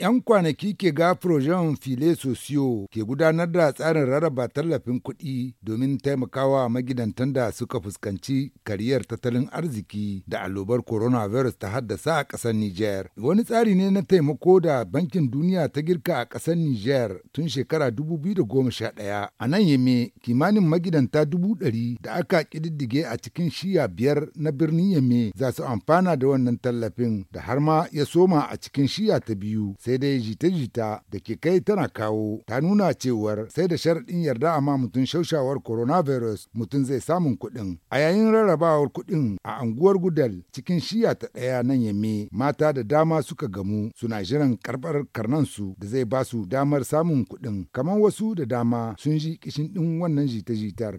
'yan kwanaki ke ga projen file socio ke gudanar da tsarin rarraba tallafin kuɗi domin taimakawa magidantan da suka fuskanci kariyar tattalin arziki da allobar coronavirus ta haddasa a ƙasar Nijar. Wani tsari ne na taimako da Bankin Duniya ta girka a ƙasar Nijar tun shekara goma sha ɗaya. A nan Yeme, kimanin magidanta dubu ɗari da aka ƙididdige a cikin shiya biyar na birnin Yeme za su amfana da wannan tallafin da har ma ya soma a cikin shiya ta biyu. sai dai jita-jita da ke kai tana kawo ta nuna cewar sai da sharaɗin yarda amma mutum shaushawar coronavirus mutum zai samun kuɗin a yayin rarrabawar kuɗin a anguwar gudal cikin shiya ta ɗaya nan yame mata da dama suka gamu suna jiran karɓar karnansu da zai ba su damar samun kuɗin kamar wasu da dama sun ji kishin ɗin wannan jita-jitar.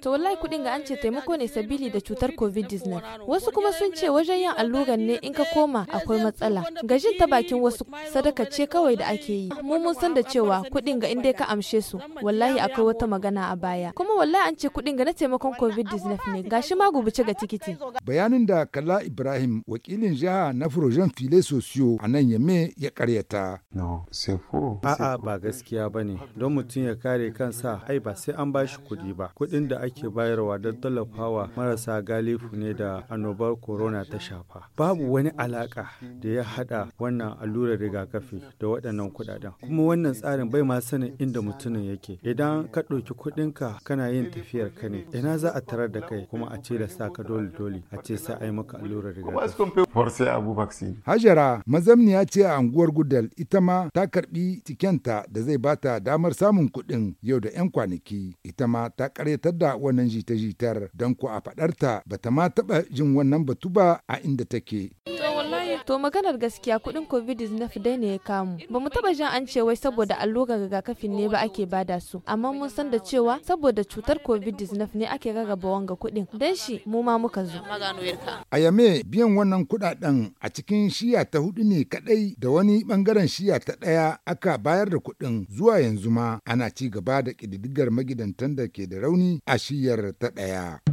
to wallahi kuɗin ga an ce taimako ne sabili da cutar covid-19 wasu kuma sun ce wajen yin alluran ne in ka koma akwai matsala gajin ta bakin wasu sadaka ce kawai da ake yi mu mun san da cewa kuɗin ga inda ka amshe su wallahi akwai wata magana a baya kuma wallahi an ce kuɗin ga na taimakon covid-19 ne gashi ma gubuce ga tikiti bayanin da kala ibrahim wakilin jiha na furojen file sosiyo a nan yame ya karyata a'a ba gaskiya ba ne don mutum ya kare kansa ai ba sai an bashi kuɗi ba kuɗin da ake bayarwa don tallafawa marasa galifu ne da annobar corona ta shafa babu wani alaka da ya hada wannan allurar rigakafi da waɗannan kuɗaɗen kuma wannan tsarin bai ma sanin inda mutumin yake idan ka ɗauki kuɗinka kana yin tafiyar ka ne ina za a tarar da kai kuma a ce da sa ka dole dole a ce sai a maka allurar rigakafi hajara mazamniya ce a anguwar gudal ita ma ta karbi tikenta da zai bata damar samun kuɗin yau da 'yan kwanaki ita ma ta karyatar da wannan jita-jitar don ko a faɗarta bata ma taɓa jin wannan batu ba a inda take. To maganar gaskiya kudin COVID-19 ne ya kamu. Ba mu taɓa jan an ce wai saboda allurar rigakafin ne ba ake bada su, amma mun san da cewa saboda cutar COVID-19 ne ake rarraba wanga kudin Dan shi mu ma muka zo. A yame biyan wannan kudaden a cikin shiya ta hudu ne kadai da wani bangaren shiya ta daya aka bayar da kudin zuwa yanzu ma ana ci gaba da kididdigar magidantan da ke da rauni a shiyar ta daya.